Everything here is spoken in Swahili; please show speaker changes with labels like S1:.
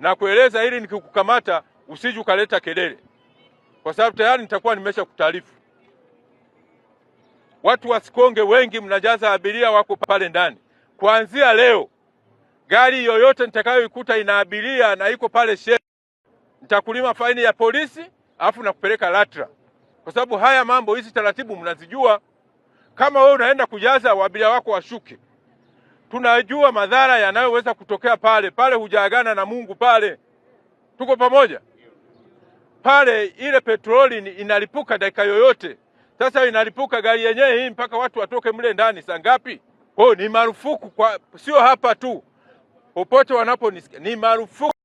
S1: na kueleza ili nikikukamata usije ukaleta kelele, kwa sababu tayari nitakuwa nimesha kutaarifu. Watu wasikonge wengi, mnajaza abiria wako pale ndani. Kuanzia leo gari yoyote nitakayoikuta ina abiria na iko pale shehe, nitakulima faini ya polisi afu na kupeleka LATRA, kwa sababu haya mambo, hizi taratibu mnazijua. Kama wewe unaenda kujaza abiria wako washuke, tunajua madhara yanayoweza kutokea pale pale, hujaagana na Mungu pale. Tuko pamoja pale, ile petroli inalipuka dakika yoyote. Sasa inalipuka gari yenyewe hii, mpaka watu watoke mle ndani saa ngapi? Kwa ni marufuku kwa, sio hapa tu, popote wanaponisikia ni marufuku.